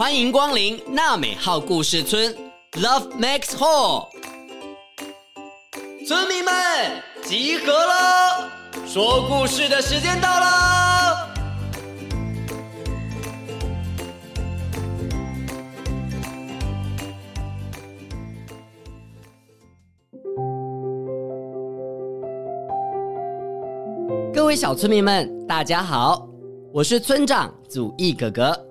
歡迎光臨納美號故事村，Love Max Hall，村民們集合嘍，說故事的時間到嘍。各位小村民們，大家好，我是村長祖逸哥哥。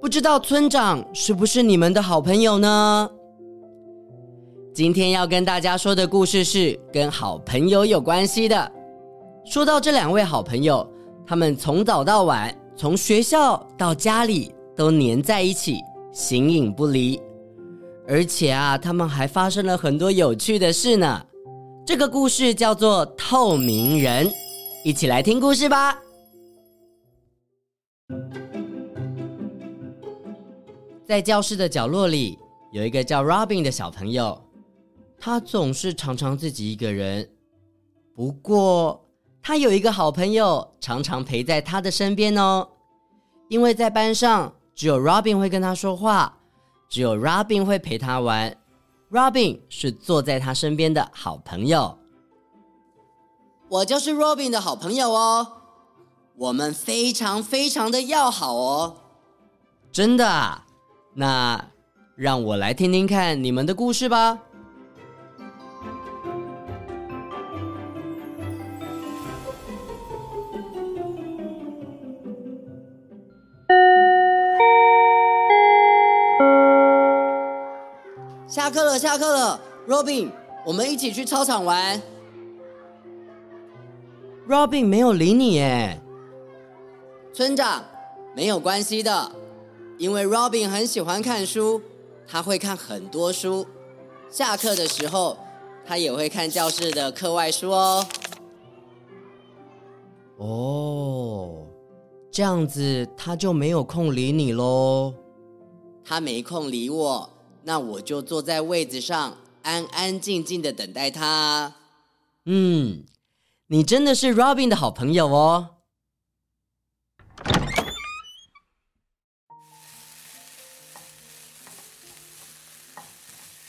不知道村長是不是你們的好朋友呢？今天要跟大家說的故事是跟好朋友有關係的。說到這兩位好朋友，他們從早到晚，從學校到家裡都黏在一起，形影不離。而且啊，他們還發生了很多有趣的事呢。這個故事叫做《透明人》，一起來聽故事吧。在教室的角落裡有一個叫 Robin 的小朋友，他總是常常自己一個人。不過，他有一個好朋友常常陪在他的身邊哦。因為在班上只有 Robin 會跟他說話，只有 Robin 會陪他玩。Robin 是坐在他身邊的好朋友。我就是 Robin 的好朋友哦，我們非常非常的要好哦，真的啊。那讓我來聽聽看你們的故事吧。下課了，下課了，Robin，我們一起去操場玩。Robin 沒有理你耶。村長，沒有關係的。因為 Robin 很喜歡看書，他會看很多書。下課的時候，他也會看教室的課外書哦。哦，oh, 這樣子他就沒有空理你嘍。他沒空理我，那我就坐在位子上，安安靜靜的等待他。嗯，你真的是 Robin 的好朋友哦。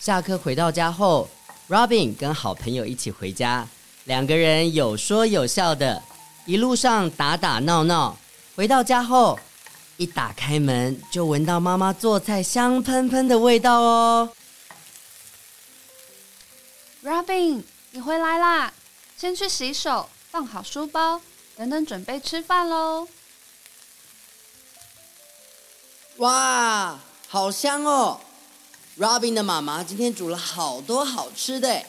下課回到家後，Robin 跟好朋友一起回家，兩個人有說有笑的，一路上打打鬧鬧。回到家後，一打開門就聞到媽媽做菜香噴噴的味道哦。Robin，你回來啦！先去洗手，放好書包，等等準備吃飯嘍。哇，好香哦！Robin 的媽媽今天煮了好多好吃的。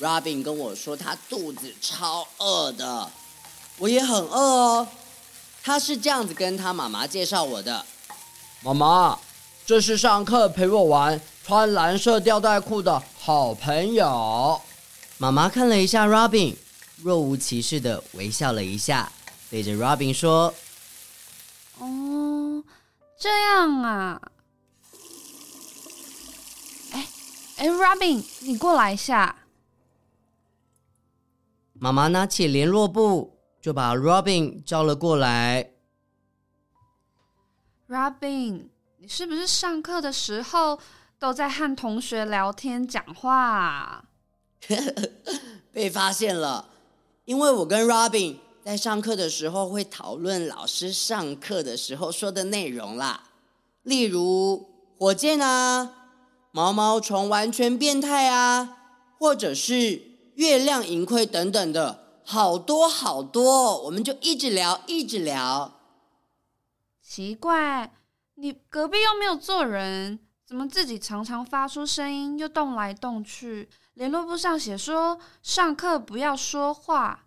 Robin 跟我說他肚子超餓的，我也很餓哦。他是這樣子跟他媽媽介紹我的：媽媽，這是上課陪我玩穿藍色吊帶褲的好朋友。媽媽看了一下 Robin，若無其事地微笑了一下，對着 Robin 說：“哦，這樣啊。”哎，Robin，你過來一下。媽媽拿起聯絡簿，就把 Robin 叫了過來。Robin，你是不是上課的時候都在和同學聊天講話？ 被發現了，因為我跟 Robin 在上課的時候會討論老師上課的時候說的內容啦，例如火箭啊。毛毛蟲完全變態啊，或者是月亮盈虧等等的，好多好多，我們就一直聊，一直聊。奇怪，你隔壁又沒有坐人，怎麼自己常常發出聲音又動來動去？聯絡簿上寫說上課不要說話。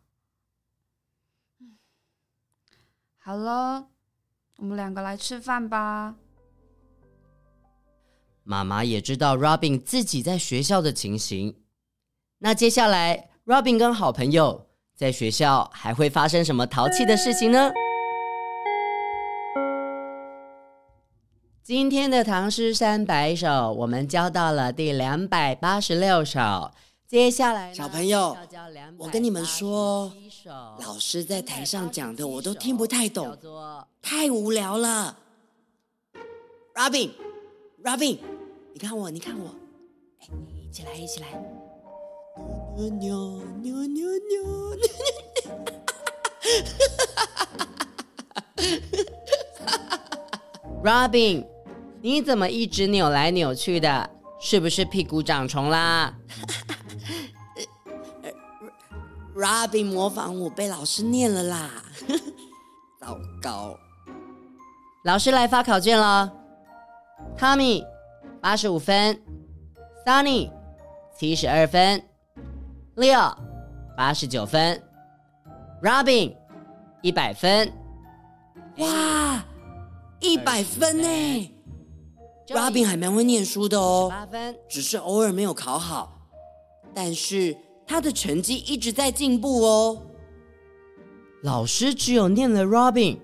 好了，我們兩個來吃飯吧。媽媽也知道 Robin 自己在學校的情形。那接下來，Robin 跟好朋友在學校還會發生什麼淘氣的事情呢？今天的《唐詩三百首》我們教到了第兩百八十六首。接下來小朋友，我跟你們說，老師在台上講的我都聽不太懂，太無聊了。Robin。Robin，你看我，你看我，哎、欸，一起來，一起來！扭扭扭扭！哈哈哈哈哈哈哈哈哈哈哈 Robin，你怎麼一直扭來扭去的？是不是屁股長蟲啦？Robin 模仿我被老師念了啦！糟糕，老師來發考卷了。Tommy 八十五分，Sunny 七十二分，Leo 八十九分，Robin 一百分。Sunny, 分 Leo, 分 Robin, 100分哇，一百分呢！Robin 還蠻會念書的哦，只是偶爾沒有考好，但是他的成績一直在進步哦。老師只有念了 Robin，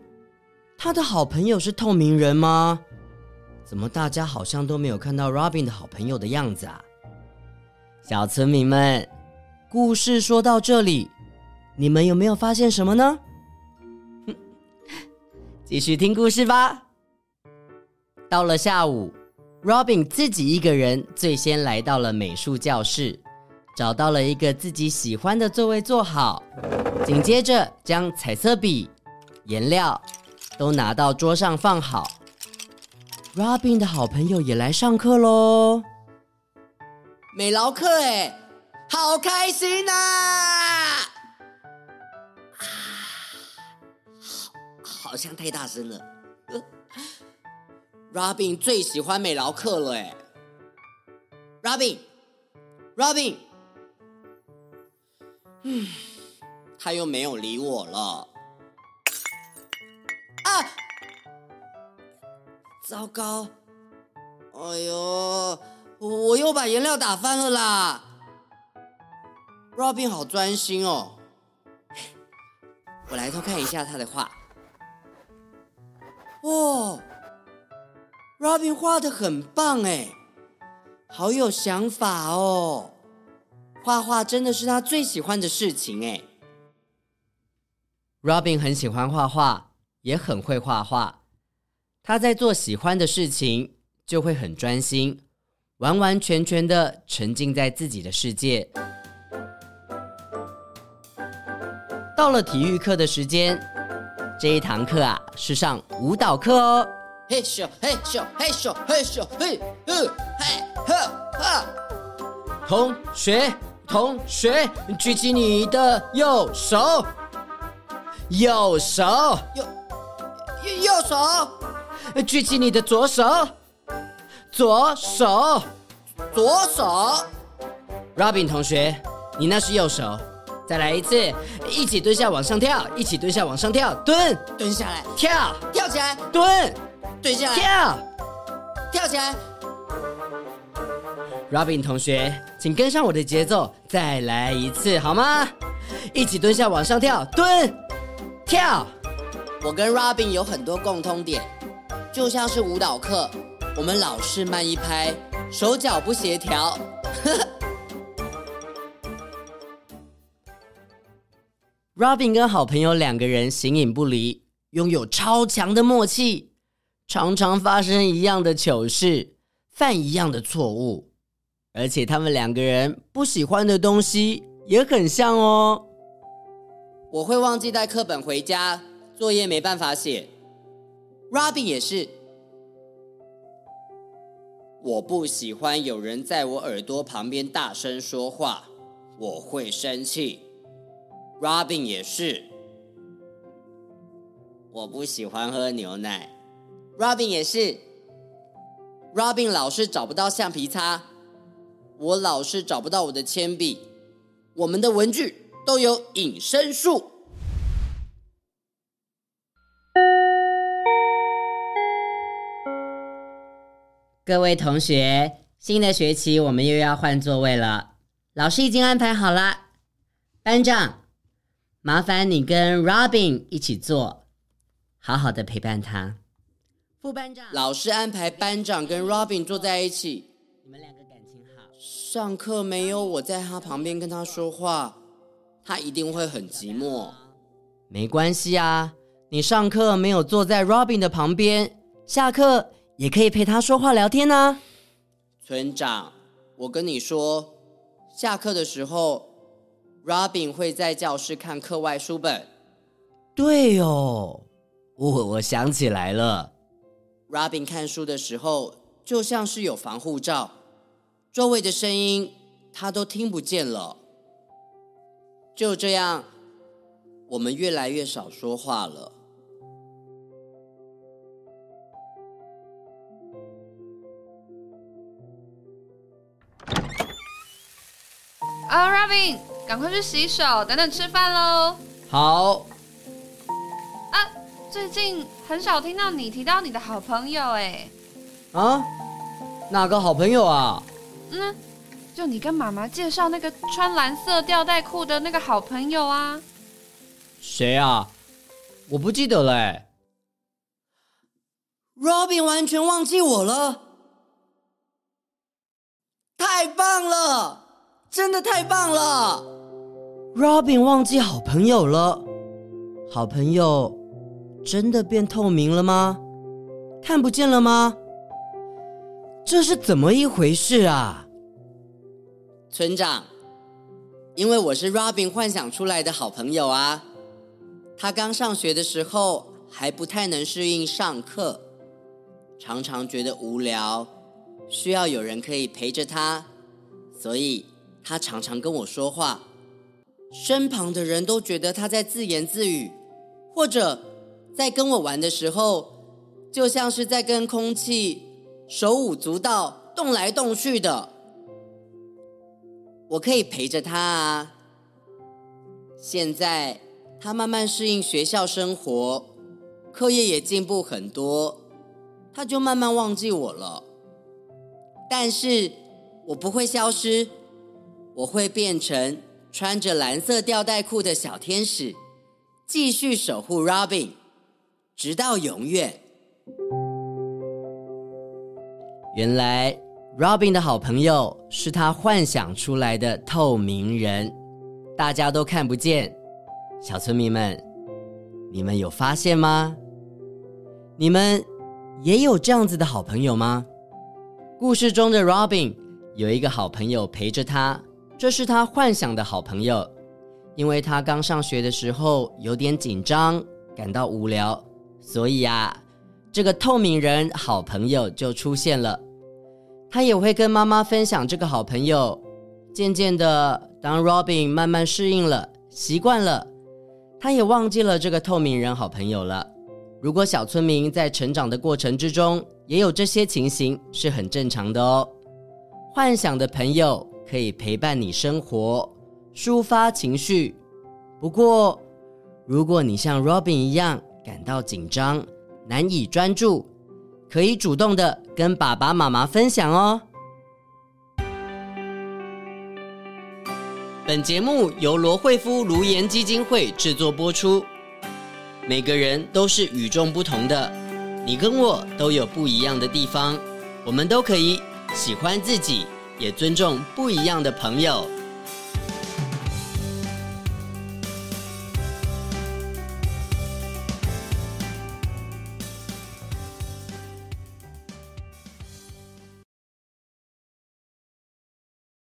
他的好朋友是透明人嗎？怎麼大家好像都沒有看到 Robin 的好朋友的樣子啊？小村民們，故事說到這裡，你們有沒有發現什麼呢？ 繼續聽故事吧。到了下午，Robin 自己一個人最先來到了美術教室，找到了一個自己喜歡的座位坐好，緊接着將彩色筆、顏料都拿到桌上放好。Robin 的好朋友也來上課嘍！美勞課誒，好開心吶！啊！啊，好，好像太大聲了。啊，Robin 最喜歡美勞課了誒，Robin，Robin，嗯，他又沒有理我了。糟糕！哎呦，我，我又把顏料打翻了啦！Robin 好專心哦，我來偷看一下他的畫。哦，Robin 畫得很棒耶，好有想法哦！畫畫真的是他最喜歡的事情耶。Robin 很喜歡畫畫，也很會畫畫。他在做喜歡的事情，就會很專心，完完全全的沉浸在自己的世界。到了體育課的時間，這一堂課啊是上舞蹈課哦。嘿咻嘿咻嘿咻嘿咻嘿，咻嘿嘿嘿嘿嘿。同學同學，舉起你的右手，右手右右右手。舉起你的左手，左手，左手。Robin 同學，你那是右手。再來一次，一起蹲下往上跳，一起蹲下往上跳，蹲，蹲下來，跳，跳起來，蹲，蹲下來，跳，跳起來。Robin 同學，請跟上我的節奏，再來一次好嗎？一起蹲下往上跳，蹲，跳。我跟 Robin 有很多共通點。就像是舞蹈課，我們老是慢一拍，手腳不協調。 Robin 跟好朋友兩個人形影不離，擁有超強的默契，常常發生一樣的糗事，犯一樣的錯誤，而且他們兩個人不喜歡的東西也很像哦。我會忘記帶課本回家，作業沒辦法寫。Robin 也是，我不喜歡有人在我耳朵旁邊大聲說話，我會生氣。Robin 也是，我不喜歡喝牛奶。Robin 也是，Robin 老是找不到橡皮擦，我老是找不到我的鉛筆。我們的文具都有隱身術。各位同學，新的學期我們又要換座位了。老師已經安排好了，班長，麻煩你跟 Robin 一起坐，好好的陪伴他。副班長，老師安排班長跟 Robin 坐在一起。你們兩個感情好。上課沒有我在他旁邊跟他說話，他一定會很寂寞。沒關係啊，你上課沒有坐在 Robin 的旁邊，下課，也可以陪他說話聊天呢，啊。村長，我跟你說，下課的時候，Robin 會在教室看課外書本。對哦，我、哦、我想起來了，Robin 看書的時候就像是有防護罩，周圍的聲音他都聽不見了。就這樣，我們越來越少說話了。啊，Oh，Robin，趕快去洗手，等等吃飯嘍。好。啊，最近很少聽到你提到你的好朋友，哎。啊？哪個好朋友啊？嗯，就你跟媽媽介紹那個穿藍色吊帶褲的那個好朋友啊。誰啊？我不記得了，欸。Robin 完全忘記我了。太棒了！真的太棒了！Robin 忘記好朋友了，好朋友真的變透明了嗎？看不見了嗎？這是怎麼一回事啊？村長，因為我是 Robin 幻想出來的好朋友啊。他剛上學的時候還不太能適應上課，常常覺得無聊，需要有人可以陪着他，所以。他常常跟我說話，身旁的人都覺得他在自言自語，或者在跟我玩的時候，就像是在跟空氣手舞足蹈、動來動去的。我可以陪着他啊。現在他慢慢適應學校生活，課業也進步很多，他就慢慢忘記我了。但是我不會消失。我會變成穿着藍色吊帶褲的小天使，繼續守護 Robin，直到永遠。原來 Robin 的好朋友是他幻想出來的透明人，大家都看不見。小村民們，你們有發現嗎？你們也有這樣子的好朋友嗎？故事中的 Robin 有一個好朋友陪着他。這是他幻想的好朋友，因為他剛上學的時候有點緊張，感到無聊，所以啊，這個透明人好朋友就出現了。他也會跟媽媽分享這個好朋友。漸漸的，當 Robin 慢慢適應了，習慣了，他也忘記了這個透明人好朋友了。如果小村民在成長的過程之中也有這些情形，是很正常的哦。幻想的朋友，可以陪伴你生活，抒發情緒。不過，如果你像 Robin 一樣感到緊張，難以專注，可以主動的跟爸爸媽媽分享哦。本節目由羅慧夫顱顏基金會製作播出。每個人都是與眾不同的，你跟我都有不一樣的地方，我們都可以喜歡自己。也尊重不一樣的朋友。